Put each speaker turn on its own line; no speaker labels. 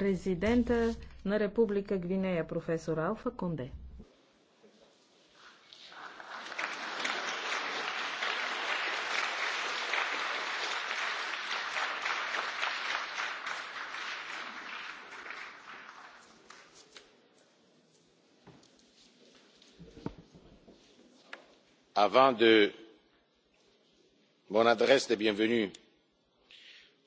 Президента на Република Гвинея, професор Алфа Конде.
avant mon adresse de bienvenue